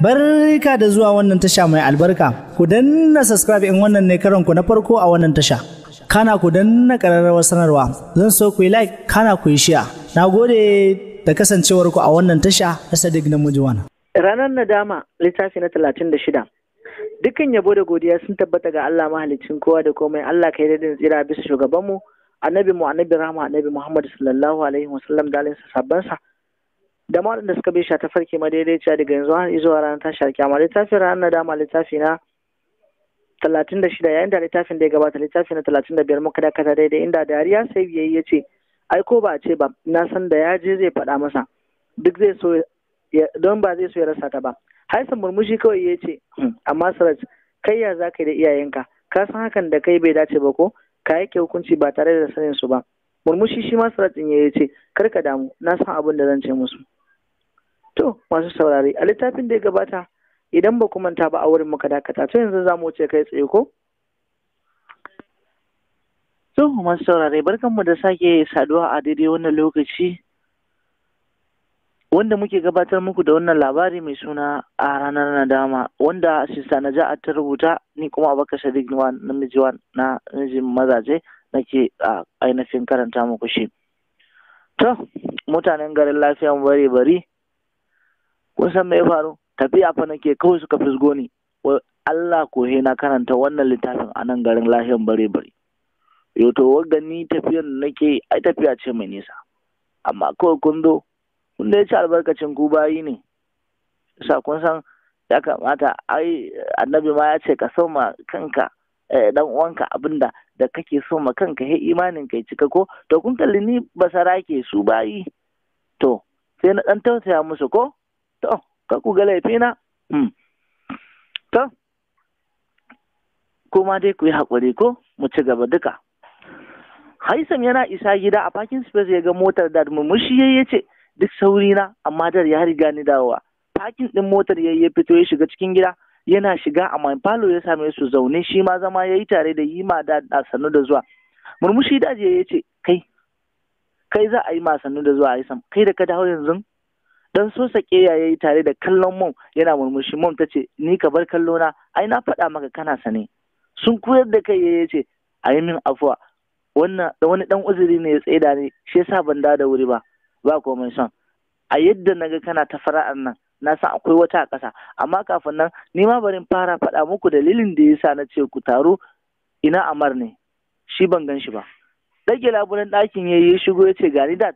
barka da zuwa wannan tasha mai albarka ku danna subscribe in wannan ne karan ku na farko a wannan tasha kana ku danna kararrawar sanarwa zan so ku yi like kana ku yi share gode da kasancewarku a wannan tasha na Sadiq Namujiwan ranar nadama littafi na 36 Dukan yabo da godiya sun tabbata ga Allah mahalicin kowa da komai Allah kai dadin tsira bisa shugabanmu annabi mu annabi rahma annabi Muhammad sallallahu alaihi wasallam dalinsa alinsa da ma waɗanda suka shata farke ta farke madaidaiciya daga yanzu har zuwa ranar tashi kyama. littafin ranar dama, littafi na talatin da shida yayin da littafin da ya gabata littafi na talatin da biyar muka dakata daidai inda dariya sai biyayya ya ce ai ko ba ce ba na san da ya je zai faɗa masa duk zai so don ba zai so ya rasa ta ba haisan murmushi kawai ya ce hmm, amma siraj kai ya za ka yi da iyayenka ka san hakan da kai bai dace ba ko ka yake hukunci ba tare da sanin su ba murmushi shi ma siraj ɗin ya ce kar ka damu na san abin da zan ce musu To masu saurare a littafin da ya gabata idan ba manta ba a wurin muka dakata to yanzu za mu wuce kai tsaye ko? To masu saurare barkanmu da sake saduwa a daidai wannan lokaci wanda muke gabatar muku da wannan labari mai suna a ranar nadama wanda sista Ja'a ta rubuta ni kuma abaka sadiq namiji na mijin mazaje nake a ainihin karanta muku shi to mutanen garin lafiya mu bari bari kun san me ya faru tafiya fa nake kawai suka fisgo ni Allah ko he na karanta wannan littafin a nan garin lahiyan bare bare yo to wanda ni tafiyan nake ai tafiya ce mai nisa amma kawai kun zo kun da ya ci albarkacin ku bayi ne sa kun san ya kamata ai annabi ma ya ce ka sauma kanka eh, dan uwanka abinda da kake so ma kanka he imanin kai cika ko to kun kalli ni basara ke su bayi to sai na dan tausaya musu ko to ka ku ga laifina hmm. to kuma dai ku yi haƙuri ko mu ci gaba duka haisam yana isa gida a parking space ya ga motar dad murmushi ya ce duk sauri na amma dar ya riga ni dawowa parking din motar ya ya fito ya shiga cikin gida yana shiga amma falo ya same su zaune shi ma zama ya yi tare da yima da sannu da zuwa murmushi daji ya ce kai kai za a yi ma sannu da zuwa haisam kai da ka dawo yanzu dan so sake yayi tare da kallon mom yana murmushi mom tace ni ka bar kallo na ai na faɗa maka kana sane sun koyar da kai yayi ce a min afuwa wannan da wani dan uzuri ne ya tsaida ni, shi yasa ban da da wuri ba ba komai son a yadda naga kana ta fara'an nan na san akwai wata a ƙasa amma kafin nan ni ma barin fara faɗa muku dalilin da yasa na ce ku taro ina amar ne shi ban gan shi ba Dage labulen ɗakin ya shigo ya ce gani dad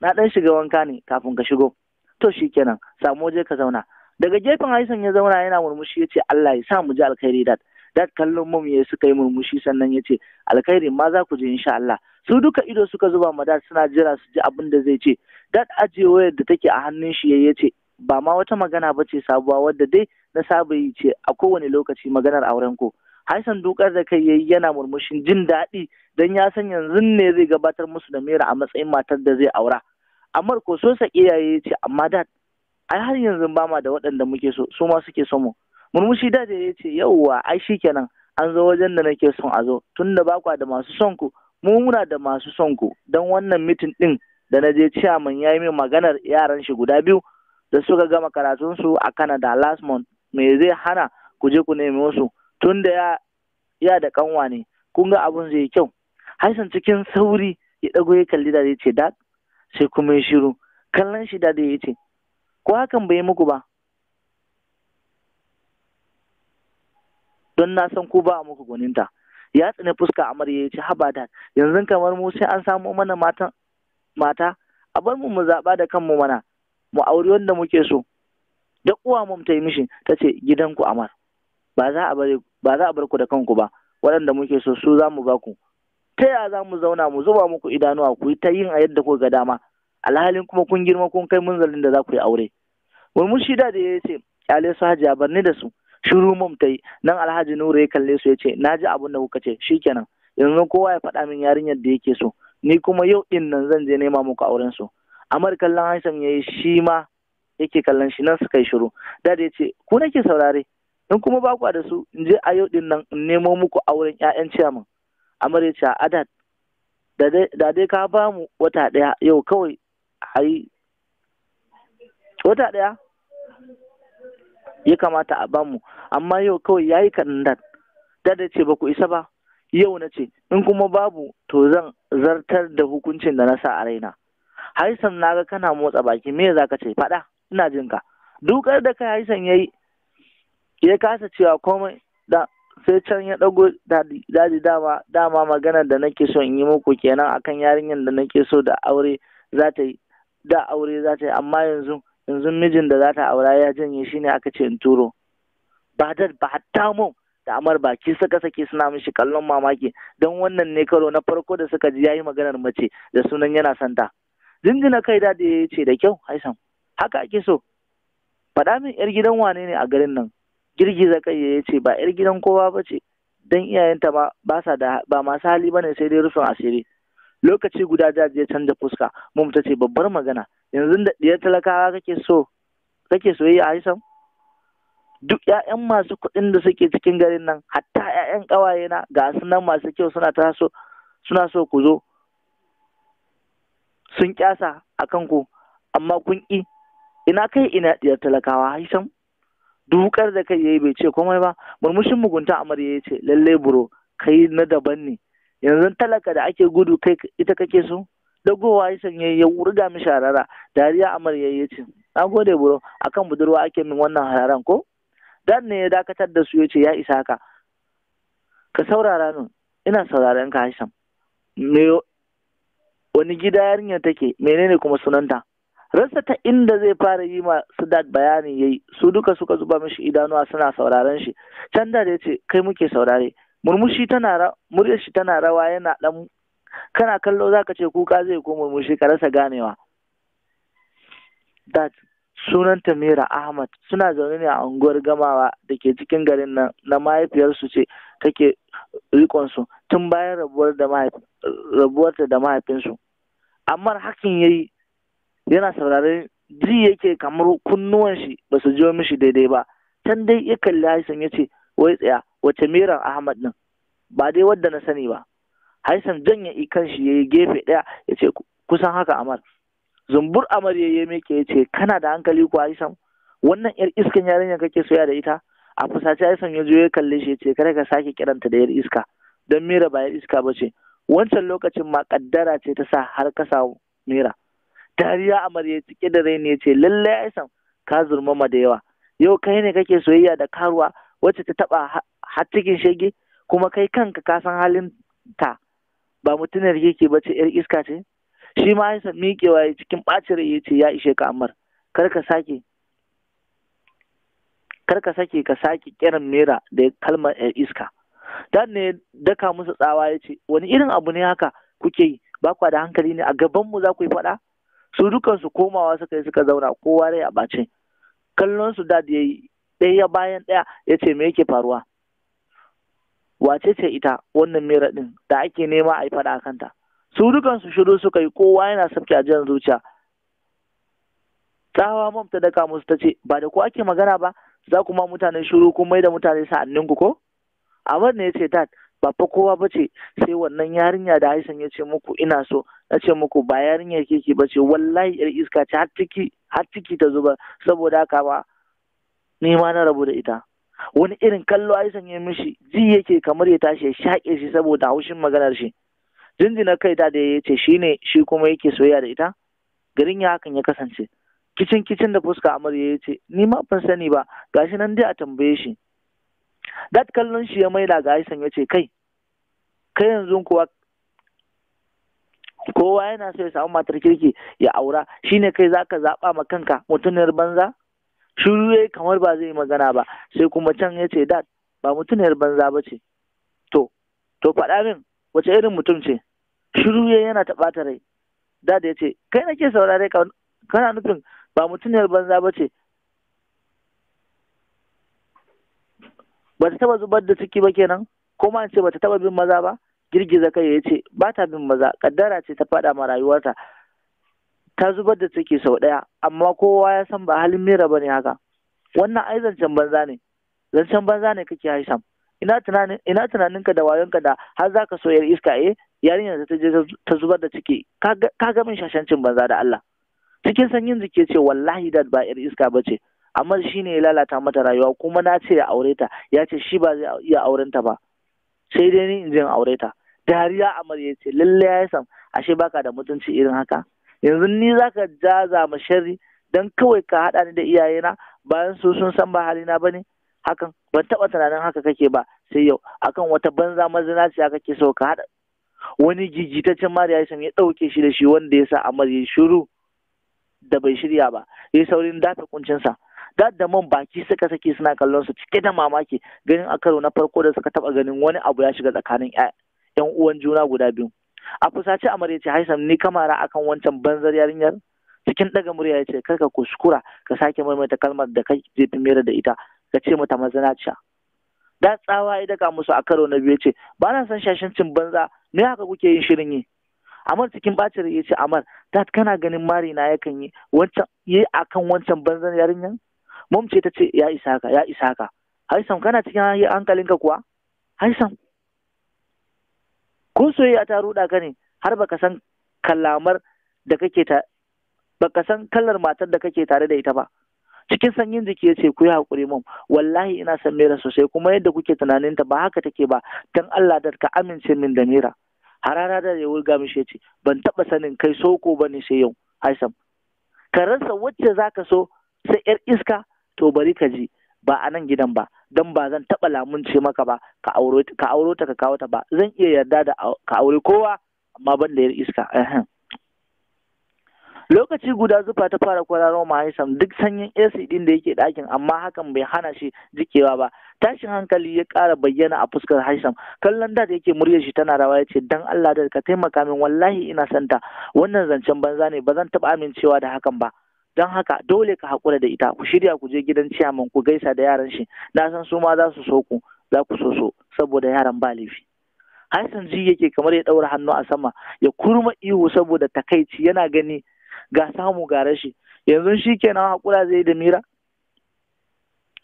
na ɗan shiga wanka ne kafin ka shigo to nan, samu waje ka zauna daga gefen haisan ya zauna yana murmushi ya ce Allah ya sa mu ji alkhairi dad dad kallon mum ya suka yi murmushi sannan ya ce alkhairi ma za ku je insha Allah su duka ido suka zuba ma dad suna jira su ji abin da zai ce dad aje wayar da take a hannun shi ya ce ba ma wata magana ba ce sabuwa wadda dai na saba yi ce a kowane lokaci maganar auren ko Haisan dukar da kai yayi yana murmushin jin daɗi don ya san yanzu ne zai gabatar musu da Mera a matsayin matar da zai aura. amma ko so sa iyaye ce amma da ai har yanzu ba ma da waɗanda muke so su ma suke so mu murmushi da ya ce yauwa ai kenan, an zo wajen da nake son a zo tunda ba kwa da masu son ku mu muna da masu son ku don wannan mitin din da na je ciyaman ya yi min maganar yaran shi guda biyu da suka gama karatunsu a Canada last month me zai hana ku je ku nemi wasu Tunda ya ya da kanwa ne kun ga abun zai kyau Haisan cikin sauri ya dago ya kalli da zai ce dad sai kuma ya shiru kallon shi da ya ce ko hakan bai muku ba don na san ku ba muku gwaninta ya tsine fuska amarya ya ce haba da yanzu kamar mu sai an samo mana mata a bar mu mu zaɓa da kanmu mana mu auri wanda muke so da uwa mu ta yi mishi ta ce gidanku amar ba za a bar ku da kanku ba waɗanda muke so su za mu ba ku ta ya za mu zauna mu zuba muku idanuwa ku yi ta yin a yadda ku ga dama alhalin kuma kun girma kun kai munzalin da za ku yi aure murmushi da da ya ce kyale su hajiya barni da su shiru mum ta yi nan alhaji nura ya kalle su ya ce na ji abun da kuka ce shi kenan yanzu kowa ya faɗa min yarinyar da yake so ni kuma yau in nan zan je nema muku auren su amar kallon hansan ya yi shi ma yake kallon shi nan suka yi shiru da da ya ce ku nake saurare in kuma ba da su in je a yau din nan in nemo muku auren 'ya'yan ciyaman amar ya da dai ka ba mu wata daya yau kawai wata daya ya kamata a ba mu amma yau kawai ya yi kandat da ce ba ku isa ba yau na ce in kuma babu to zan zartar da hukuncin da na sa a raina haisan na ga kana motsa baki me za ka ce faɗa ina jin ka dukar da kai haisan ya yi ya kasa cewa komai da sai can ya ɗago daji dama dama magana da nake so in yi muku kenan akan yarinyar da nake so da aure za ta yi da aure za ta yi amma yanzu yanzu mijin da za ta aura ya janye shi ne aka ce in turo ba da ba mu da amar baki saka sake suna mishi kallon mamaki don wannan ne karo na farko da suka ji yayi maganar mace da sunan yana santa jinjina kai da ya ce da kyau haisan haka ake so faɗa min yar gidan wane ne a garin nan girgiza kai ya ce ba yar gidan kowa ba ce dan iyayenta ba ba sa da ba masu hali bane sai dai rufin asiri lokaci guda jaji ya canza fuska mum ta ce babbar magana yanzu da diyar talakawa kake so kake soyayya a haisan duk ƴaƴan masu kuɗin da suke cikin garin nan hatta ƴaƴan ƙawaye na ga su nan masu kyau suna ta so suna so ku zo sun kyasa akan ku, amma kun ƙi ina kai ina diyar talakawa haisan dukar da kai yayi bai ce komai ba murmushin mugunta amar ya ce lalle buro kai na daban ne yanzu talaka da ake gudu kai ita kake so dagowa ya sanya ya wurga mi sharara dariya amar ya ce na gode buro akan budurwa ake min wannan hararan ko dan ne ya dakatar da su ya ce ya isa ka ka saurara min ina sauraron ka Aisha me wani gida yarinya take menene kuma sunanta rasa ta inda zai fara yi ma Sidat bayani yayi su duka suka zuba mishi idanuwa suna sauraron shi can da ya ce kai muke saurare murmushi tana muryar shi tana rawa yana dan kana kallo zaka ce kuka zai ko murmushi ka rasa ganewa dat sunan Tamira Ahmad suna zaune ne a unguwar gamawa da ke cikin garin nan na mahaifiyarsu ce take rikonsu tun bayan rabuwar da mahaifinsu amma hakin yayi yana saurare ji yake kamar kunnuwan shi ba su jiyo mishi daidai ba can dai ya kalli haisan ya ce wai tsaya wace miran ahmad din ba dai wadda na sani ba haisan janye ikan shi ya yi gefe ɗaya ya ce kusan haka amar zumbur amar ya yi meke ya ce kana da hankali ko haisan wannan yar iskan yarinya kake soya da ita a fusace haisan ya zo ya kalle shi ya ce kare ka sake kiranta da yar iska don mira ba yar iska ba ce wancan lokacin ma kaddara ce ta sa har ka samu mira dariya amar ya cike da raini ya ce lallai aisan ka zurmama da yawa yau kai ne kake soyayya da karuwa wacce ta taba har cikin shege kuma kai kanka ka san halin ta ba mutunar yake ba ce yar iska ce shi ma aisan miƙewa ya cikin ɓacin rai ya ce ya ishe ka amar kar ka sake kar ka sake ka sake kiran mera da kalmar yar iska dan ne daka musu tsawa ya ce wani irin abu ne haka kuke yi ba da hankali ne a gabanmu za ku yi faɗa su dukansu komawa suka yi suka zauna kowa rai a bace kallon su dad ya yi ɗaya bayan ɗaya ya ce me yake faruwa wace ce ita wannan mera ɗin da ake nema a yi faɗa a kanta su dukansu shiru suka yi kowa yana sabke a jan zuciya tsawa mam ta daka musu ta ce ba da ku ake magana ba za ma mutane shiru kuma mai da mutane sa'anninku ko abin ne ya ce dad ba fa kowa ba ce sai wannan yarinya da Aisan ya ce muku ina so na ce muku ba yarinyar keke ba ce wallahi yar iska ce har ciki ta zuba saboda haka ba ni ma na rabu da ita wani irin kallo Aisan ya mishi ji yake kamar ya tashi ya shaƙe shi saboda haushin maganar shi jinjina kai da da ya ce ne shi kuma yake soyayya da ita garin ya hakan ya kasance kicin kicin da fuska amarya ya ce ni ma ban sani ba gashi nan dai a tambaye shi dat kallon shi ya maida ga Aisan ya ce kai kai yanzu kuwa kowa yana so ya samu matar kirki ya aura shine kai zaka zaɓa ma kanka mutuniyar banza shiru yayi kamar ba zai magana ba sai kuma can ya ce dat ba mutuniyar banza ba ce to to faɗa min wace irin mutum ce shiru yayi yana ɓata rai dad ya ce kai nake saurare kana nufin ba mutuniyar banza ba ce ba ta taba zubar da ciki ba kenan ko ma ce ba ta taba bin maza ba girgiza kai ya ce ba ta bin maza kaddara ce ta faɗa ma rayuwarta ta zubar da ciki sau ɗaya amma kowa ya san ba halin mira ba haka wannan ai zancen banza ne zancen banza ne kake haisham ina tunanin ina tunaninka da wayonka da har zaka so yar iska eh yarinyar da ta je ta zubar da ciki ka ga min shashancin banza da Allah cikin sanyin jiki ce wallahi dad ba yar iska bace amma shi ne ya lalata mata rayuwa kuma na ce ya aure ta ya ce shi ba zai iya auren ta ba sai dai ni in je in aure ta dariya amar ya ce lalle ya san ashe baka da mutunci irin haka yanzu ni zaka jaza ma sharri dan kawai ka hada ni da iyayena bayan su sun san ba halina bane hakan ban taba tunanin haka kake ba sai yau akan wata banza mazinaciya kake so ka hada wani gigitaccen mari ya ya dauke shi da shi wanda ya sa amar ya shiru da bai shirya ba ya saurin dafe kuncinsa man baki suka sake suna kallon su cike da mamaki ganin a karo na farko da suka taba ganin wani abu ya shiga tsakanin yan uwan juna guda biyu a fusace amar ya ce haisam ni kamara akan wancan banzar yarinyar cikin daga murya ya ce kar ka kuskura ka sake maimaita kalmar da kai fi mera da ita ka ce mata mazanaciya da tsawa ya daga musu a karo na biyu ya ce ba na san shashincin banza me haka kuke yin shirin yi Amar cikin bacin ya ce Amar dat kana ganin mari na yakan yi yi akan wancan banzan yarinyar? mom ce ta ce ya isa ka ya isa ka haisam kana cikin hankalinka kuwa haisam ko soyayya ta ruɗa ka ne har baka san kalamar da kake ta baka san kallar matar da kake tare da ita ba cikin sanyin jiki ya ce ku yi haƙuri mom wallahi ina san mera sosai kuma yadda kuke tunanin ta ba haka take ba dan Allah da ka amince min da mera harara da ya wulga mishi ce ban taba sanin kai soko ba ne sai yau haisam ka rasa wacce zaka so sai yar iska to bari ka ji ba a nan gidan ba don ba zan taɓa lamunce maka ba ka auro ta ka kawo ta ba zan iya yarda da ka aure kowa amma ban da yar iska lokaci guda zufa ta fara kwararo mahaisam duk sanyin AC din da yake ɗakin amma hakan bai hana shi jikewa ba tashin hankali ya ƙara bayyana a fuskar Haisam kallon da yake muryar shi tana rawa ya ce, dan Allah da ka taimaka min wallahi ina santa wannan zancen banza ne ba zan taɓa amincewa da hakan ba don haka dole ka haƙura da ita ku shirya ku je gidan ciyaman ku gaisa da yaran shi na san su ma za su so ku za ku so so saboda yaran ba laifi Hassan ji yake kamar ya ɗaura hannu a sama ya kurma ihu saboda takaici yana gani ga samu ga rashi yanzu shi kenan haƙura zai da mira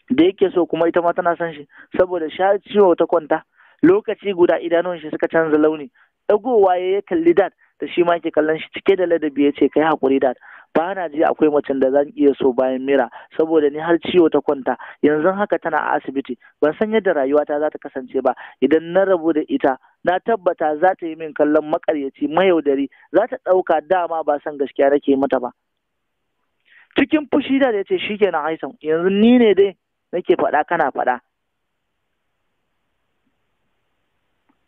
da yake so kuma ita ma tana son shi saboda sha ciwo ta kwanta lokaci guda idanun shi suka canza launi ɗagowa ya kalli dad da shi ma ke kallon shi cike da ladabi ya ce kai hakuri da ba na ji akwai macen da zan iya so bayan mira saboda ni har ciwo ta kwanta yanzu haka tana a asibiti ban san yadda rayuwata za ta kasance ba idan na rabu da ita na tabbata za ta yi min kallon makaryaci mayaudari za ta ɗauka dama ba san gaskiya nake mata ba cikin fushi da ya ce shikenan aisan yanzu ni ne dai nake faɗa kana faɗa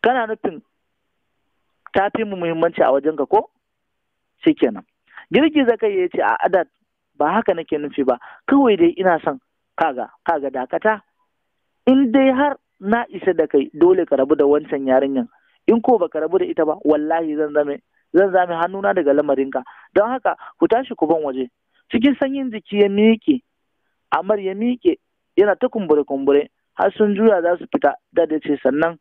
kana nufin ta fi mu muhimmanci a ka, ko kenan girgiza kai ya ce a Adad, ba haka nake nufi ba kawai dai ina son kaga kaga dakata in dai har na isa da kai dole ka rabu da wancan yarinyar. in ko baka rabu da ita ba wallahi zan zame zan zame hannuna daga lamarinka don haka ku tashi ku ban waje cikin sanyin jiki ya miƙe amar ya miƙe yana ta kumbure kumbure har sun juya za su fita da ce sannan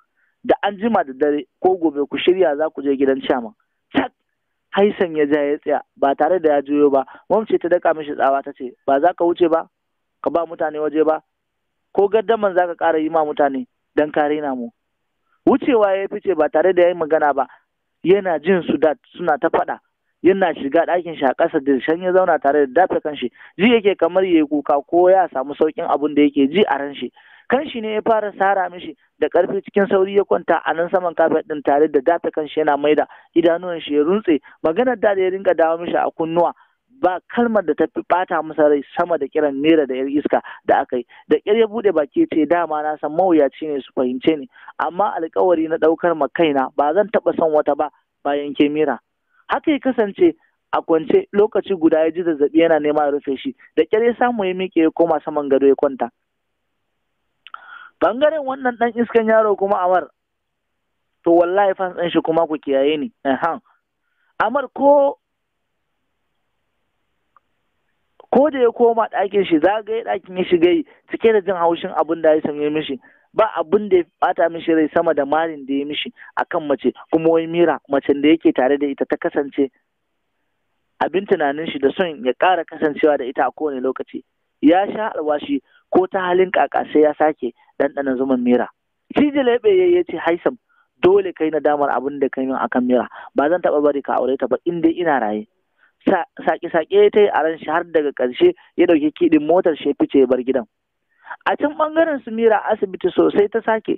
da an jima da dare ko gobe ku shirya za ku je gidan chairman tak haisan ya ja ya tsaya ba tare da ya juyo ba mamce ta daka mishi tsawa ta ce ba za ka wuce ba ka ba mutane waje ba ko gaddaman za ka ƙara yi ma mutane don ka rena mu wucewa ya fice ba tare da ya yi magana ba yana jin su da suna ta faɗa yana shiga ɗakin shi a ƙasa da shan ya zauna tare da dafe kanshi ji yake kamar ya yi kuka ko ya samu sauƙin abin da yake ji a ran shi kanshi ne ya fara sara mishi da karfi cikin sauri ya kwanta a nan saman kafet din tare da data kanshi yana maida idanuwan shi ya runtse maganar da ya rinka dawo mishi a kunnuwa ba kalmar da ta fi bata masa rai sama da kiran nera da yar iska da aka yi da kyar ya bude baki ce dama na san mawuyaci ne su fahimce ni amma alkawari na daukar ma kaina ba zan taba son wata ba bayan ke mira haka ya kasance a kwance lokaci guda ya ji zazzabi yana nema ya rufe shi da kyar ya samu ya miƙe ya koma saman gado ya kwanta bangaren wannan dan iskan yaro kuma amar to wallahi fans ɗin shi kuma ku kiyaye ni ehan amar ko ko da ya koma ɗakin shi za ga ɗakin ya shiga cike da jin haushin abin da ya sanye mishi ba abin da ya bata mishi rai sama da marin da ya mishi akan mace kuma wai mira macen da yake tare da ita ta kasance abin tunanin shi da son ya ƙara kasancewa da ita a kowane lokaci ya sha alwashi ko ta halin kaka sai ya sake ɗanɗana zuman mira cije laɓe ya ce haisam dole kai na damar abin da kai min akan mira ba zan taɓa bari ka aure ta ba in dai ina raye sake-sake ta yi a ran shi har daga ƙarshe ya ɗauki kiɗin motar shi fice bar gidan a can ɓangaren su mira asibiti sosai ta sake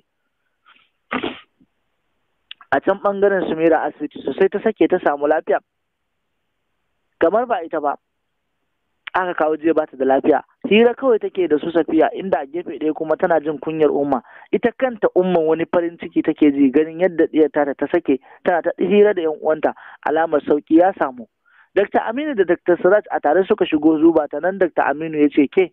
a can ɓangaren su mira asibiti sosai ta sake ta samu lafiya kamar ba ita ba aka kawo jiya ba ta da lafiya hira kawai take da su safiya inda a gefe ɗaya kuma tana jin kunyar umma ita kanta umman wani farin ciki take ji ganin yadda ɗiyarta ta sake tana ta hira da yan uwanta alamar sauki ya samu Dr. Aminu da Dr. Siraj a tare suka shigo zuba ta nan Dr. Aminu ya ce ke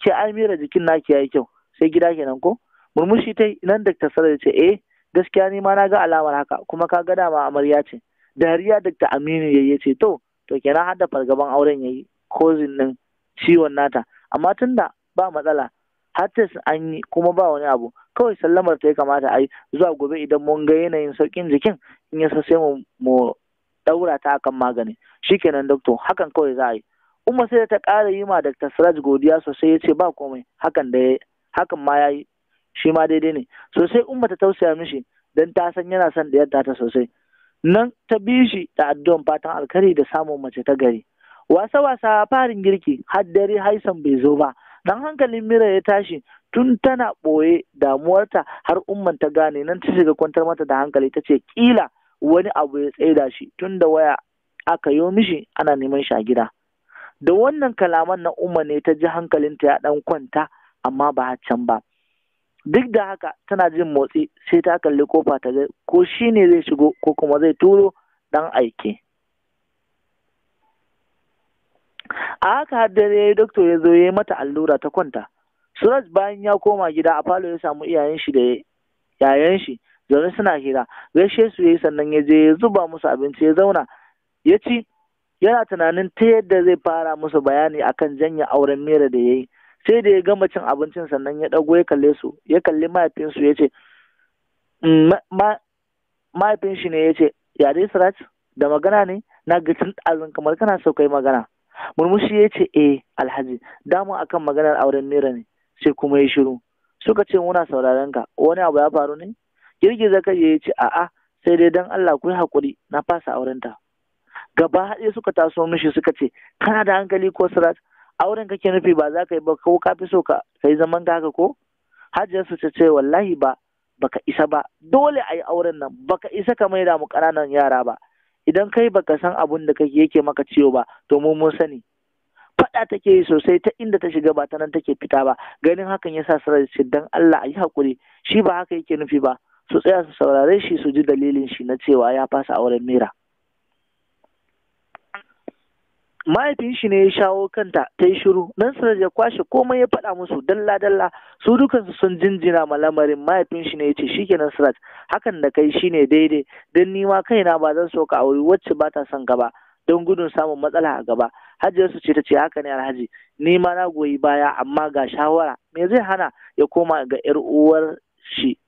ce Amira jikin naki yayi kyau sai gida kenan ko murmushi ta nan Dr. Siraj ya ce eh gaskiya ni ma na ga alamar haka kuma ka ga dama amarya ce dariya Dr. Aminu yayi ya ce to to kenan har da fargaban auren yayi kozin din ciwon nata amma tun da ba matsala har an yi kuma ba wani abu kawai sallamar ta ya kamata a yi zuwa gobe idan mun ga yanayin saukin jikin in yasa sai mu mu daura ta akan magani shikenan doctor hakan kawai za a yi umma sai ta ƙara yi ma Dr. Siraj godiya sosai ya ce ba komai hakan da hakan ma ya yi shi ma daidai ne sosai umma ta tausaya mishi don ta san yana son da yadda ta sosai nan ta bi shi da addu'an fatan alkhairi da samun mace ta gari wasa-wasa farin girki har dare haisan bai zo ba dan hankalin mira ya tashi tun tana ɓoye damuwarta har umman ta gane nan ta shiga kwantar mata da hankali ta ce kila wani abu ya tsaida shi tun da waya aka yo mishi ana neman shi a gida da wannan kalaman na umma ne ta ji hankalinta ya dan kwanta amma ba a can ba duk da haka tana jin motsi sai ta kalli kofa ta ga ko shi ne zai shigo ko kuma zai turo dan aike a haka har dare doktor ya zo ya yi mata allura ta kwanta suraj bayan ya koma gida a falo ya samu iyayen shi da yayan shi zaune suna hira gaishe su yayi sannan ya je ya zuba musu abinci ya zauna ya ci yana tunanin ta yadda zai fara musu bayani akan janya auren mera da ya yi sai da ya gama cin abincin sannan ya ɗago ya kalle su ya kalli mahaifinsu ya ce mm, mahaifin shi ne ya ce yare Suraj, da magana ne na ga ɗazin kamar kana so kai magana murmushi ya ce e, alhaji damu akan maganar auren nera ne sai kuma ya shiru suka ce muna sauraron ka wani abu ya faru ne girgiza kai ya ce a'a sai dai dan Allah ku hakuri na fasa auren ta gaba haɗe suka taso mishi suka ce kana da hankali ko sirat auren kake nufi ba za ka yi ba ko ka fi so ka yi zaman ka haka ko hajiyar su ce wallahi ba baka isa ba dole a yi auren nan baka isa ka maida mu ƙananan yara ba idan kai baka san abun da kake yake maka ciwo ba to mu mun sani faɗa take yi sosai ta inda ta shiga ba ta nan take fita ba ganin hakan yasa sa ce dan Allah a yi hakuri shi ba haka yake nufi ba su tsaya su saurare shi su ji dalilin shi na cewa ya fasa auren mira mahaifin shi ne ya shawo kanta ta yi shiru nan sanar ya kwashe komai ya faɗa musu dalla dalla su dukansu sun jinjina ma lamarin mahaifin shi ne ya ce shikenan sirat hakan da kai shine daidai don ni ma kaina ba zan so ka auri wacce ba ta son gaba don gudun samun matsala a gaba hajiyar su ce ta ce haka ne alhaji ni ma na goyi baya amma ga shawara me zai hana ya koma ga yar uwar shi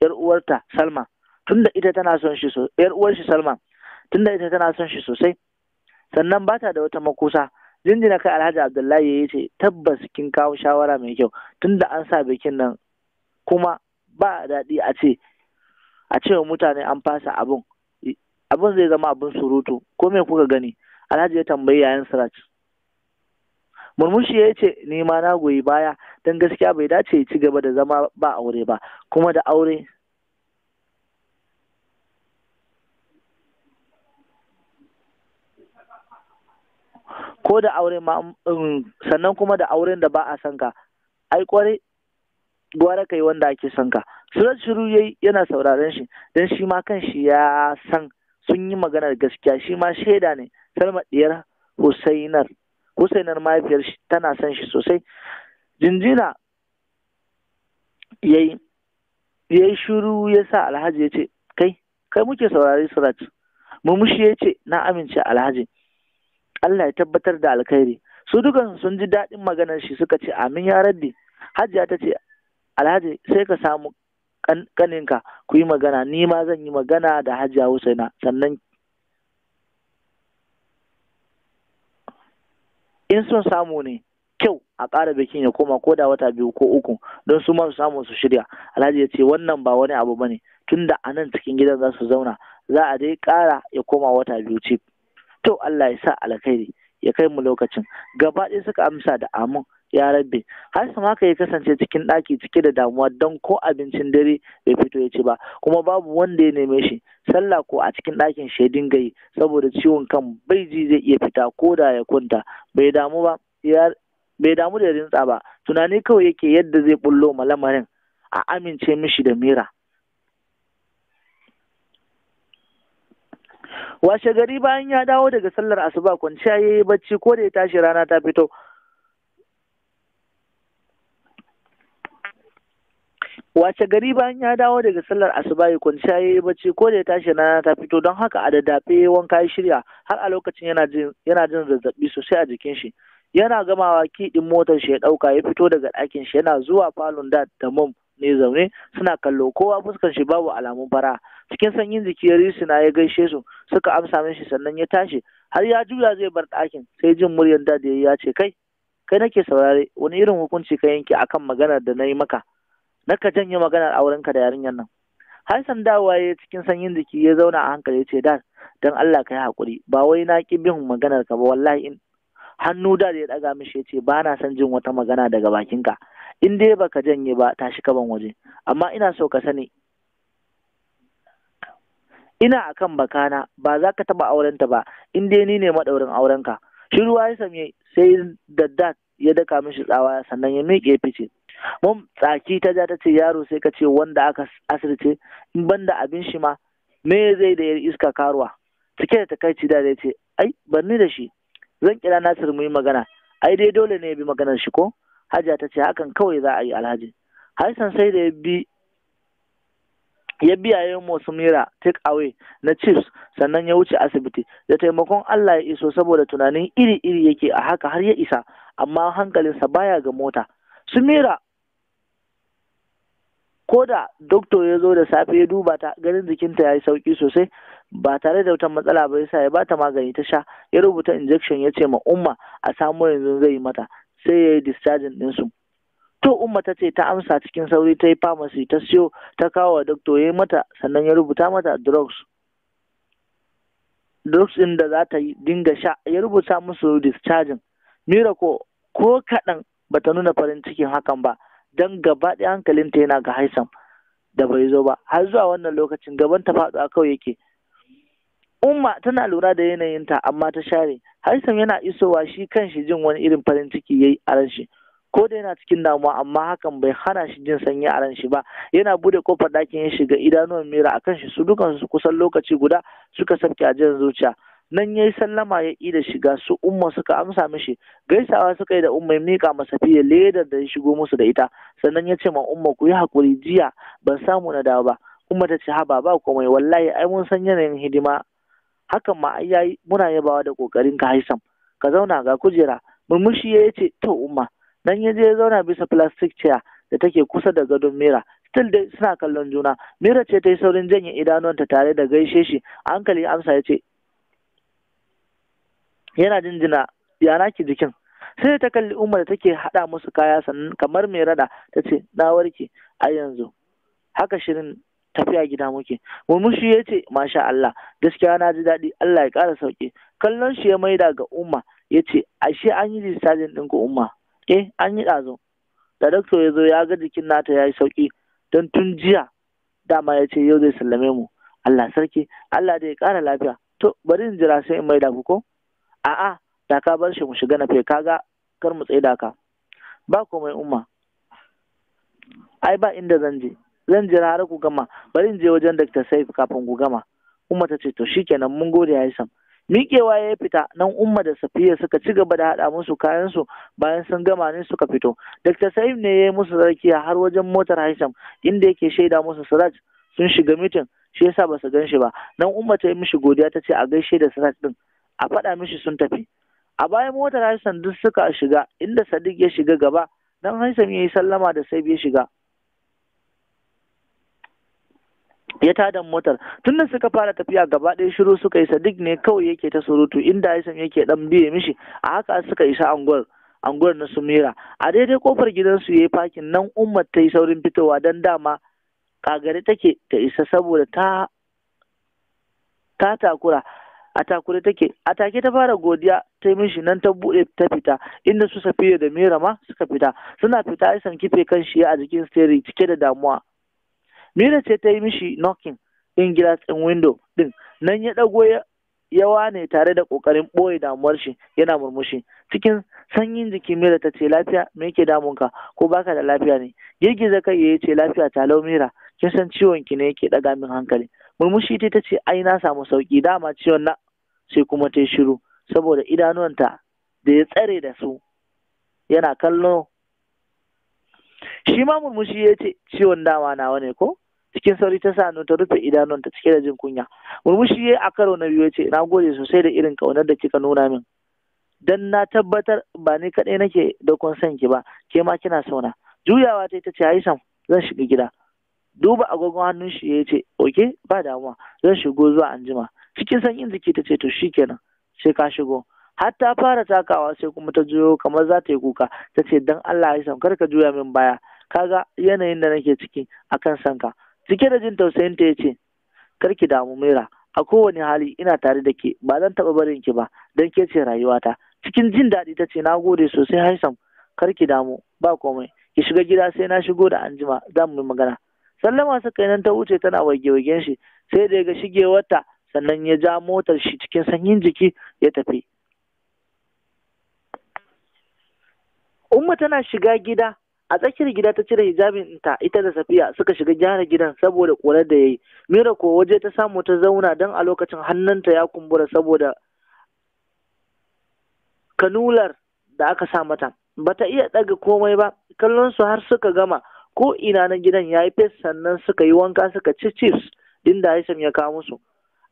yar uwarta salma tunda ita tana son shi so yar uwar shi salma tunda ita tana son shi sosai sannan ba ta da wata makusa jinjina kai alhaji abdullahi ya ce tabbas kin kawo shawara mai kyau tunda an sa bikin nan kuma ba daɗi a ce a cewa mutane an fasa abun abun zai zama abun surutu ko me kuka gani alhaji ya tambayi yayin siraj murmushi ya ce ni ma na goyi baya don gaskiya bai dace ya ci gaba da zama ba aure ba kuma da aure ko da aure ma um, sannan kuma da auren da ba a son ka ai kware gwara kai wanda ake son ka surat shiru yayi yana sauraron shi dan shi ma kan shi ya san sun yi maganar gaskiya shi ma shaida ne salma diyar husainar husainar mahaifiyar shi tana son shi sosai jinjina yayi yayi shiru ya sa alhaji ya ce kai kai muke saurari surat mumushi ya ce na amince alhaji Allah ya tabbatar da alkhairi su dukan sun ji daɗin maganar shi suka ce amin ya rabbi hajiya ta ce alhaji sai ka samu kaninka ku yi magana ni ma zan yi magana da hajiya husaina sannan in sun samu ne kyau a ƙara bikin ya koma ko da wata biyu ko uku don su ma su samu su shirya alhaji ya ce wannan ba wani abu bane tunda a nan cikin gidan za su zauna za a dai ƙara ya koma wata biyu cif to Allah ya sa alkhairi ya kai mu lokacin gaba ɗaya suka amsa da amin ya rabbe har sama ka ya kasance cikin ɗaki cike da damuwa don ko abincin dare bai fito ya ci ba kuma babu wanda ya neme shi sallah ko a cikin ɗakin shaidin gayi saboda ciwon kan bai ji zai iya fita ko da ya kwanta bai damu ba bai damu da rintsa ba tunani kawai yake yadda zai bullo ma lamarin a amince mishi da mira washe gari bayan ya dawo daga sallar asuba kwanciya ya yi bacci ko da ya tashi rana ta fito wace gari bayan ya dawo daga sallar asuba ya kwanciya ya yi bacci ko da ya tashi rana ta fito don haka a daddafe wanka ya shirya har a lokacin yana jin zazzabi sosai a jikin shi yana gamawa kiɗin motar shi ya ɗauka ya fito daga ɗakin shi yana zuwa falon da da mum ne zaune suna kallo kowa fuskar shi babu alamun fara cikin sanyin jiki ya risina ya gaishe su suka amsa mishi sannan ya tashi har ya juya zai bar ɗakin sai jin muryar da ya ce kai kai nake saurare wani irin hukunci ka yanke akan maganar da na yi maka Na ka janye maganar aurenka da yarinyar nan har sandawa ya cikin sanyin jiki ya zauna a hankali ya ce da dan Allah ka yi hakuri ba wai na ki bin maganar ka ba wallahi in hannu da ya ɗaga mishi ya ce ba na son jin wata magana daga bakinka in dai baka janye ba tashi ka waje amma ina so ka sani ina akan bakana ba za ka taba auren ta ba in dai ni ne madaurin ka shi ruwa ya same sai daddat ya daka mishi tsawa sannan ya miƙe fice mun tsaki ta ja ta ce yaro sai ka ce wanda aka asirce in banda abin shi ma me zai da iska karuwa cike da takaici da zai ce ai ban da shi zan kira nasir mu yi magana ai dai dole ne ya bi maganar shi ko hajiya ta ce hakan kawai za a yi alhaji haisan sai da ya biya yin wasu mira take away na chiefs sannan ya wuce asibiti da taimakon allah ya iso saboda tunanin iri-iri yake a haka har ya isa amma hankalinsa baya ga mota su ko da doktor ya zo da safe ya duba ta ganin jikinta ya yi sauki sosai ba tare da wata matsala ba sa ya ba ta magani ta sha ya rubuta injection ya ce ma umma a samu yanzu zai yi mata sai ya yi discharging ɗinsu. To Umma ta ce ta amsa cikin sauri ta yi pharmacy ta siyo ta kawo wa doctor ya yi mata sannan ya rubuta mata drugs. Drugs ɗin da za ta dinga sha ya rubuta musu discharging. Mira ko kaɗan ba ta nuna farin cikin hakan ba don gaba ɗaya hankalinta yana ga haisan da bai zo ba har zuwa wannan lokacin gaban ta faɗo a kawai yake. umma tana lura da yanayinta amma ta share haisam yana isowa shi kan shi jin wani irin farin ciki yayi a ranshi. ko da yana cikin damuwa amma hakan bai hana shi jin sanyi a ranshi ba yana bude kofar ɗakin ya shiga idanuwan mira kan shi su dukan su kusan lokaci guda suka sabke a jin zuciya nan yayi sallama ya da shiga su umma suka amsa mishi gaisawa suka yi da umma mika masa fiye ledar da ya shigo musu da ita sannan ya ce ma umma ku yi hakuri jiya ban samu na dawo ba umma ta ce haba ba komai wallahi ai mun san yanayin hidima hakan ma ai yayi muna yabawa da kokarin ka Haisam ka zauna ga kujera murmushi ya ce to umma dan ya je ya zauna bisa plastic chair da take kusa da gadon mira still dai suna kallon juna mira ce ta yi saurin janye idanuwanta tare da gaishe shi hankali amsa ya ce yana jinjina yana ki jikin sai ta kalli umar da take haɗa musu kaya sannan kamar mai rada ta ce na warke a yanzu haka shirin tafiya gida muke murmushi ya ce masha Allah gaskiya na ji daɗi Allah ya ƙara sauƙi kallon shi ya maida ga umma ya ce ashe an yi lissafin ɗin ga umma eh an yi ɗazo da dakto ya zo ya ga jikin nata ya yi sauƙi don tun jiya dama ya ce yau zai sallame mu Allah sarki Allah da ya ƙara lafiya to bari in jira sai in maida ku ko a'a da ka bar shi mu shiga na fe ga kar mu tsaida ka ba komai umma ai ba inda zan je zan jira har ku gama bari in je wajen Dr. Saif kafin ku gama Umma ta ce to shikenan mun gode Haisam miƙewa ya fita nan Umma da Safiya suka ci gaba da haɗa musu kayan su bayan sun gama ne suka fito Dr. Saif ne ya yi musu rakiya har wajen motar Haisam inda yake shaida musu Siraj sun shiga mitin shi yasa ba su gan shi ba nan Umma ta yi mishi godiya ta ce a gaishe da Siraj din a faɗa mishi sun tafi a bayan motar Haisam duk suka shiga inda Sadiq ya shiga gaba dan Haisam ya yi sallama da Saif ya shiga ya tada motar tun da suka fara tafiya gaba ɗaya shiru suka yi sadiq ne kawai yake ta surutu inda aisan yake dan biye mishi a haka suka isa anguwar anguwar na sumira a daidai kofar gidansu ya yi fakin nan ummar ta yi saurin fitowa don dama kagare take ta isa saboda ta ta takura a takure take a take ta fara godiya ta yi mishi nan ta buɗe ta fita inda su safiya da mira ma suka fita suna fita isan kife kan shi a jikin steri cike da damuwa Mina ce ta yi mishi knocking in glass ɗin window din Nan ya ɗago yawa ne tare da ƙoƙarin ɓoye damuwar shi yana murmushi. Cikin sanyin jiki Mira ta ce lafiya me yake damunka ko baka da lafiya ne. Girgiza kai ya ce lafiya 'Ta Mira kin san ciwon ki ne yake ɗaga min hankali. Murmushi ta ce ai na samu sauki dama ciwon na sai kuma ta shiru saboda idanuwanta da ya tsare da su yana kallo shi ma murmushi ya ce ciwon dama nawa ne ko cikin sauri ta sa ta rufe idanun ta cike da jin kunya murmushi ya a karo na biyu ce na gode sosai da irin kaunar da kika nuna min dan na tabbatar ba ni kaɗai nake da kun san ki ba ke ma kina sauna juyawa ta ita ce ai zan shiga gida duba agogon hannun shi ya ce oke ba damuwa zan shigo zuwa anjima cikin sanyin jiki ta ce to shikenan sai ka shigo har ta fara takawa sai kuma ta juyo kamar za ta yi kuka ta ce dan Allah ya kar ka juya min baya kaga yanayin da nake ciki akan sanka cike da jin tausayinta ya ce ki damu mera a kowane hali ina tare da ke ba zan taɓa barin ki ba don ke ce rayuwata cikin jin daɗi ta ce na gode sosai haisam ki damu ba komai ki shiga gida sai na shigo da anjima za mu yi magana sallama suka yi nan ta wuce tana wage-wagen shi sai da ya ga shigewarta sannan ya ja motar shi cikin sanyin jiki ya tafi umma tana shiga gida a tsakiyar gida ta cire hijabin ta ita da safiya suka shiga gyara gidan saboda korar da yayi mira ko waje ta samu ta zauna don a lokacin hannunta ya kumbura saboda kanular da aka sa mata Ba ta iya ɗaga komai ba kallon su har suka gama ko ina na gidan yayi fes sannan suka yi wanka suka ci chips din da Aisham ya kawo musu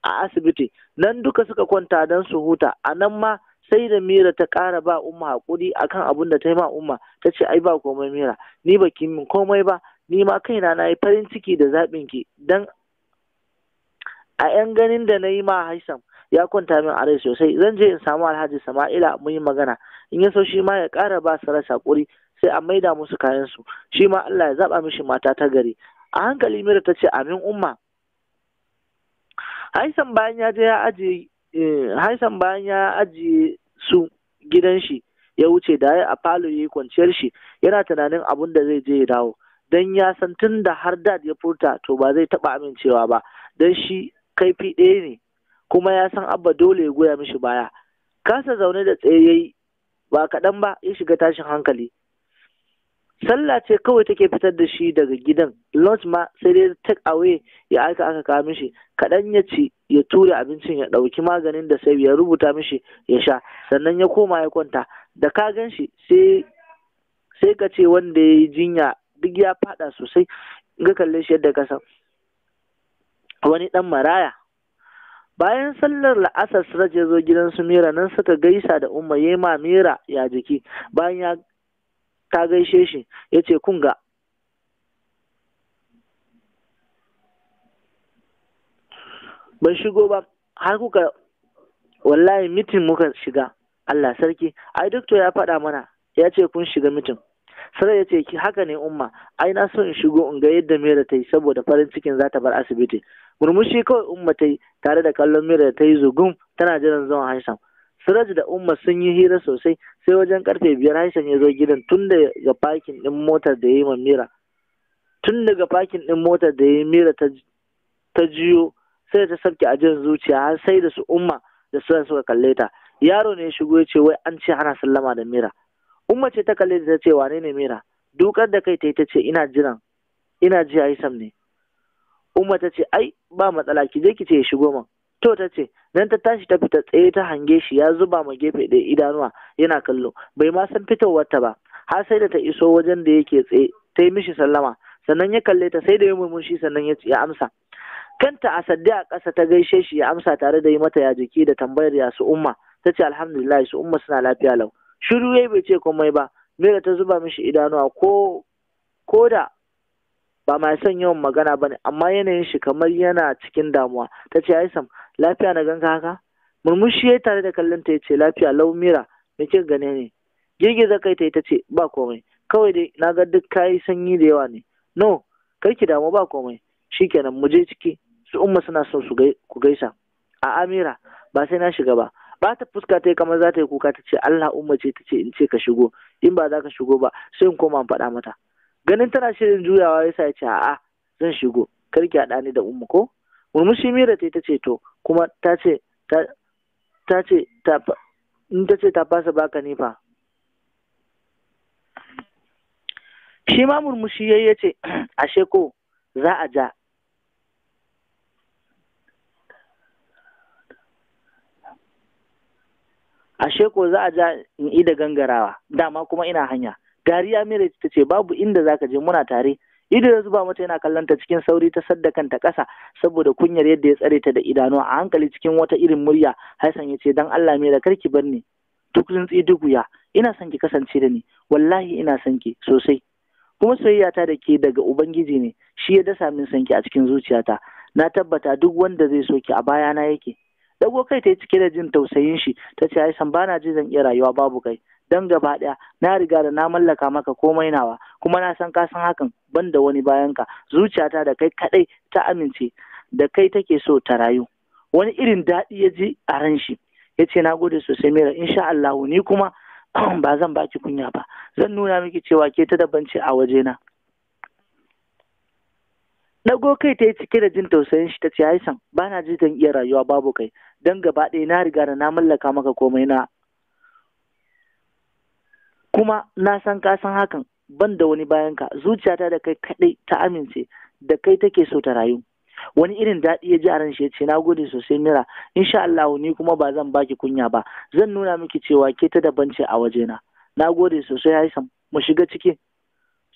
a asibiti nan duka suka kwanta don su huta a nan ma sai da Mira ta ƙara ba Umma haƙuri akan abin da ta yi ma Umma ta ce ai ba komai mira ni ba ki min komai ba ni ma kaina na yi farin ciki da zaɓin ki dan a yan ganin da na yi ma haisam ya kwanta min a rai sosai zan je in samu alhaji sama'ila mu yi magana in ya so shi ma ya ƙara ba su rasa ƙuri sai a maida musu kayan su shi ma Allah ya zaɓa mishi mata ta gari a hankali mira ta ce amin umma haisam bayan ya je ya ajiye eh, haisam bayan ya ajiye su gidan shi ya wuce da ya a falo ya yi kwanciyar shi yana tunanin abun da zai je ya dawo dan ya san tun da har dad ya furta to ba zai taba amincewa ba dan shi kaifi ɗaya ne kuma ya san abba dole ya goya mishi baya kasa zaune da tsaye yayi ba kaɗan ba ya shiga tashin hankali sallah ce kawai take fitar da shi daga gidan lunch ma sai dai take away ya aika aka kawo mishi kaɗan ya ci ya tura abincin ya ɗauki maganin da sai ya rubuta mishi ya sha sannan ya koma ya kwanta da ka gan shi sai ka ce wanda ya yi jinya duk ya fada sosai ga kalle shi yadda ka san wani dan maraya bayan sallar la'asar su ya zo gidan su mira nan suka gaisa da umma ya ma mira ya jiki bayan ya ta gaishe shi ya ce kunga ban shigo ba har kuka wallahi mitin muka shiga Allah sarki ai doctor ya faɗa mana ya ce kun shiga mitin sarai ya ce ki haka ne umma ai na so in shigo in ga yadda mera ta yi saboda farin cikin za ta bar asibiti murmushi kawai umma ta yi tare da kallon mera ta yi zugum tana jiran zuwa haisham siraj da umma sun yi hira sosai sai wajen karfe biyar haisham ya zo gidan tun daga fakin din motar da ya yi mira tun daga fakin din motar da ya yi mira ta jiyo sai ta sabke a jiran zuciya har sai da su umma da sura suka kalle ta yaro ne ya shigo ya ce wai an ce ana sallama da mira umma ce ta kalle ta ce wane ne mira dukar da kai ta yi ta ce ina jiran ina ji aisam ne umma ta ce ai ba matsala ki je ki ce ya shigo man to ta ce nan ta tashi ta fita tsaye ta hange shi ya zuba ma gefe ɗaya idanuwa yana kallo bai ma san fitowar ta ba har sai da ta iso wajen da yake tsaye ta yi mishi sallama sannan ya kalle ta sai da ya murmushi sannan ya amsa kanta a sadde a ƙasa ta gaishe shi ya amsa tare da yi mata ya jiki da tambayar ya umma ta ce alhamdulillah su umma suna lafiya lau shiru yayi bai ce komai ba mera ta zuba mishi idanuwa ko ko da ba mai son yawan magana ba ne. amma yanayin shi kamar yana cikin damuwa ta ce ai sam lafiya na ganka haka murmushi ya tare da kallon ta ce lafiya lau mira me kin gane ne girgiza kai ta ta ce ba komai kawai dai na ga duk kayi sanyi da yawa ne no kai ki damu ba komai shikenan mu je ciki su umma suna son su ku gaisa a amira ba sai na shiga ba Ba ta fuska ta yi kamar za ta yi kuka ta ce Allah umma ce ta ce in ce ka shigo in ba za ka shigo ba sai in koma in faɗa mata ganin tana shirin juyawa ya sa ya ce a'a zan shigo kar ki haɗa ni da umma ko murmushi mira ta ce to kuma ta ce ta ce ta in ta ce ta fasa baka ni fa shi ma murmushi yayi ya ce ashe ko za a ja ashe ko za a ja in da gangarawa dama kuma ina hanya dariya mere ta ce babu inda za ka je muna tare ido ya zuba mata yana kallon ta cikin sauri ta sadda kanta kasa saboda kunyar yadda ya tsare ta da idanu a hankali cikin wata irin murya Hassan ya ce dan Allah mera kar ki bar ni duk rintsi duk wuya ina son ki kasance da ni wallahi ina son ki sosai kuma soyayyata da ke daga ubangiji ne shi ya dasa min sanki a cikin zuciyata na tabbata duk wanda zai so ki a bayana yake dago kai ta yi cike da jin tausayin shi ta ce ai san na ji zan iya rayuwa babu kai dan gaba daya na riga da na mallaka maka komai nawa kuma na san ka san hakan ban da wani bayan ka zuciyata da kai kaɗai ta amince da kai take so ta rayu wani irin daɗi ya ji a ran shi ya ce na gode sosai mera insha Allah ni kuma ba zan baki kunya ba zan nuna miki cewa ke ta daban ce a wajena dago kai ta yi cike da jin tausayin shi ta ce ba na ji zan iya rayuwa babu kai don gaba ɗaya na riga da na mallaka maka komai na kuma na san ka san hakan ban da wani bayan ka zuciyata da kai kaɗai ta amince da kai take so ta rayu wani irin daɗi ya ji a ran shi ya ce na gode sosai mira insha Allah ni kuma ba zan baki kunya ba zan nuna miki cewa ke ta daban ce a wajena na gode sosai Haisam mu shiga ciki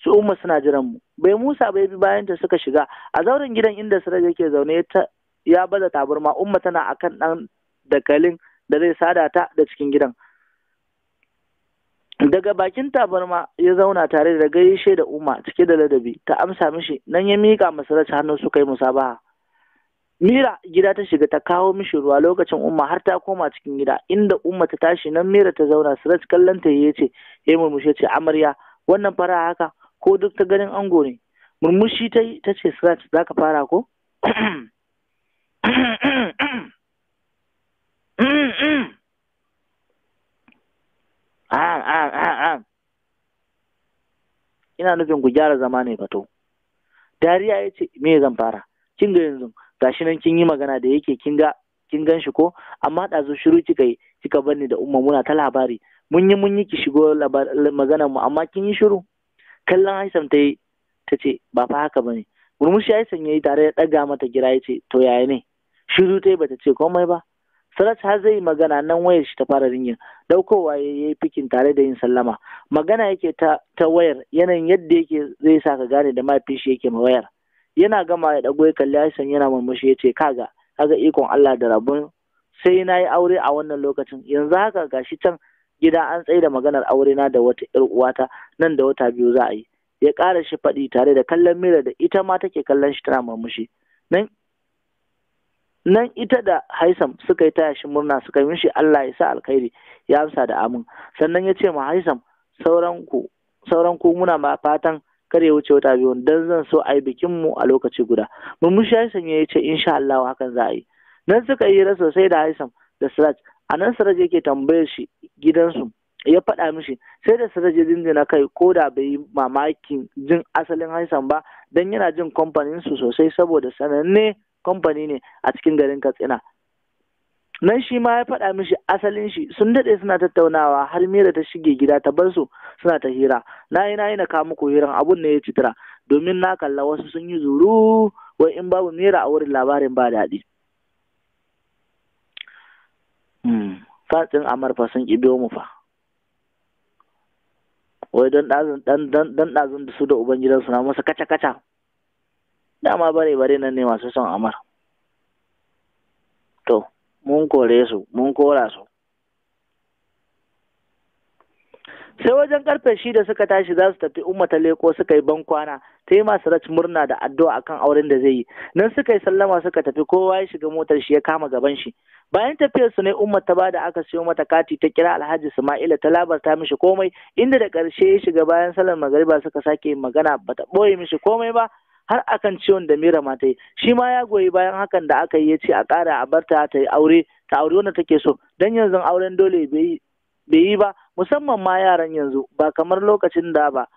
su umma suna jiran mu bai Musa bai bi bayan suka shiga a zauren gidan inda Siraj yake zaune ya ya baza tabarma umma tana akan ɗan dakalin da zai sada ta da cikin gidan daga bakin tabarma ya zauna tare da gaishe da umma cike da ladabi ta amsa mishi nan ya miƙa masarauta hannu su kai musabaha mira gida ta shiga ta kawo mishi ruwa lokacin umma har ta koma cikin gida inda umma ta tashi nan mira ta zauna siraj kallon ta ya ce ya murmushe ce amarya wannan fara haka ko duk ta ganin ango ne murmushi ta ta ce siraj za fara ko ina nufin ku gyara zama ne fato dariya ya ce me zan fara kin ga yanzu gashi nan kin yi magana da yake kin ga kin gan shi ko amma ɗazu shiru kika yi kika barni da umma muna ta labari mun yi mun yi ki shigo maganar mu amma kin yi shiru kallon Aisha ta yi ta ce ba fa haka bane murmushi Aisha ya yi tare ya ɗaga mata gira ya ce to yaya ne shiru ta bata ce komai ba Sarat har zai yi magana nan wayar shi ta fara ringin daukowa ya yi fikin tare da yin sallama magana yake ta, wayar yanayin yadda yake zai sa ka gane da mafi shi yake ma wayar yana gama ya dago ya kalli Hassan yana murmushi ya ce kaga kaga ikon Allah da rabun sai na yi aure a wannan lokacin yanzu haka gashi can gida an tsaye da maganar aure na da wata ƴar uwata nan da wata biyu za a yi ya ƙara shi faɗi tare da kallon mira da ita ma take kallon shi tana murmushi nan nan ita da haisam suka yi taya shi murna suka yi shi Allah ya sa alkhairi ya amsa da amin sannan ya ce ma haisam sauran ku sauran ku muna ma fatan kar ya wuce wata biyu dan zan so a yi bikin mu a lokaci guda murmushi haisam ya ce insha Allah hakan za a yi nan suka yi rasa sosai da haisam da siraj a nan siraj yake tambayar shi gidansu ya faɗa mishi sai da siraj ya jinjina kai ko da bai yi mamakin jin asalin haisam ba dan yana jin kamfanin su sosai saboda sananne kamfani ne a cikin garin katsina nan shi ma ya faɗa mishi asalin shi sun daɗe suna tattaunawa har mira ta shige gida ta bar su suna ta hira na yi na yi na kawo muku hiran abun ne ya citira domin na kalla wasu sun yi zuru wai in babu mira a wurin labarin ba daɗi hmm, fatsin amar fa sun ƙibe mu fa wai don ɗazun da su da ubangidansu na masa kaca-kaca dama bare bare nan ne masu son amar to mun kore su mun kora su sai wajen karfe shida suka tashi za su tafi umma ta leko suka yi ban kwana ta yi masu rac murna da addu'a akan auren da zai yi nan suka yi sallama suka tafi kowa ya shiga motar shi ya kama gaban shi bayan tafiyar su ne umma ta da aka siyo mata kati ta kira alhaji sama'ila ta labarta mishi komai inda da ƙarshe ya shiga bayan salon magariba suka sake magana bata ɓoye mishi komai ba har akan ciwon da mira ma ta yi shi ma ya goyi bayan hakan da aka yi ya ce a ƙara a barta ta yi aure ta aure wanda take so dan yanzu auren dole bai yi ba musamman ma yaran yanzu ba kamar lokacin da ba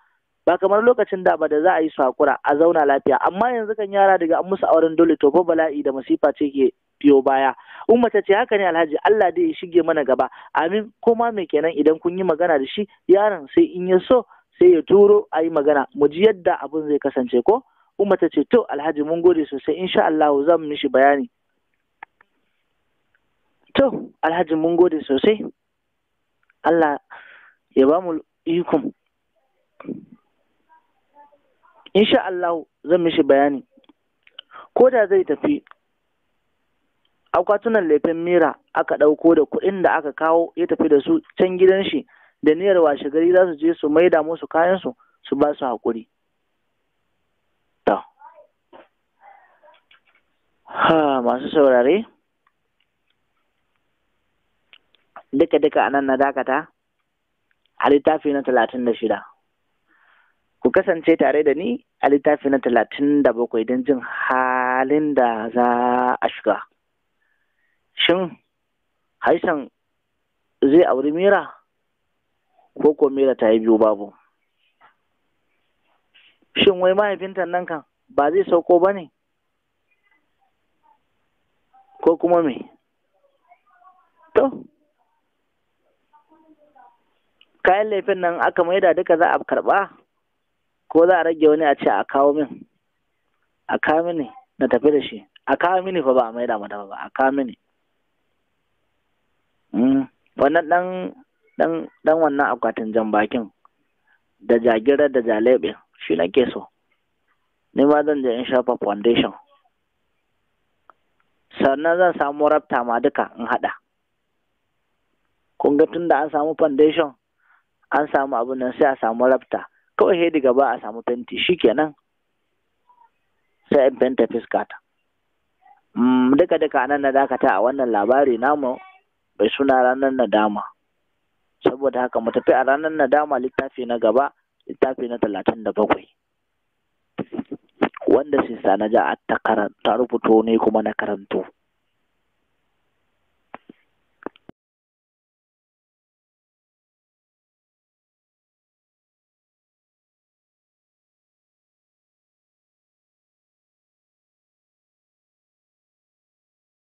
ba kamar lokacin da ba da za a yi su hakura a zauna lafiya amma yanzu kan yara daga an musu auren dole to ba bala'i da masifa ce ke biyo baya umma ta ce haka ne alhaji Allah dai ya shige mana gaba amin koma me kenan idan kun yi magana da shi yaron sai in ya so sai ya turo a yi magana mu ji yadda abun zai kasance ko umma ta ce to alhaji mun gode sosai insha Allah zan mishi bayani to alhaji mun gode sosai Allah ya ba mu ikon insha Allah zan mishi bayani ko da zai tafi akwatunan lefen mira aka ɗauko da kuɗin da aka kawo ya tafi da su can gidan shi da niyyar washe gari za su je su maida musu kayansu su ba su haƙuri ha masu saurare duka duka anan na dakata a littafi na talatin da shida ku kasance tare da ni a littafi na talatin da bakwai don jin halin da za a shiga shin haishan zai auri mira ko ko mira ta yi biyu babu shin wai mahaifinta nan kan ba zai sauko ba ne ko kuma me to kayan laifin nan aka maida duka za a karɓa ko za a rage wani a ce a kawo min a kawo mini na tafi da shi a kawo mini fa ba a maida mata ba a kawo mini hmm. wannan dan dan dan wannan akwatin jan bakin da jagirar da jalebe shi nake so ni ma zan je in shafa foundation sannan zan samu rabta ma duka in haɗa kun ga tun da an samu foundation an samu abin nan sai a samu rabta kawai sai daga ba a samu fenti shikenan sai in fenta fiskata mm, duka duka nan na dakata a wannan labari namu bai suna ranar nadama saboda haka mu tafi a ranar nadama littafi na gaba littafi na talatin da bakwai wanda sista na ja ta rubuto ne kuma na karanto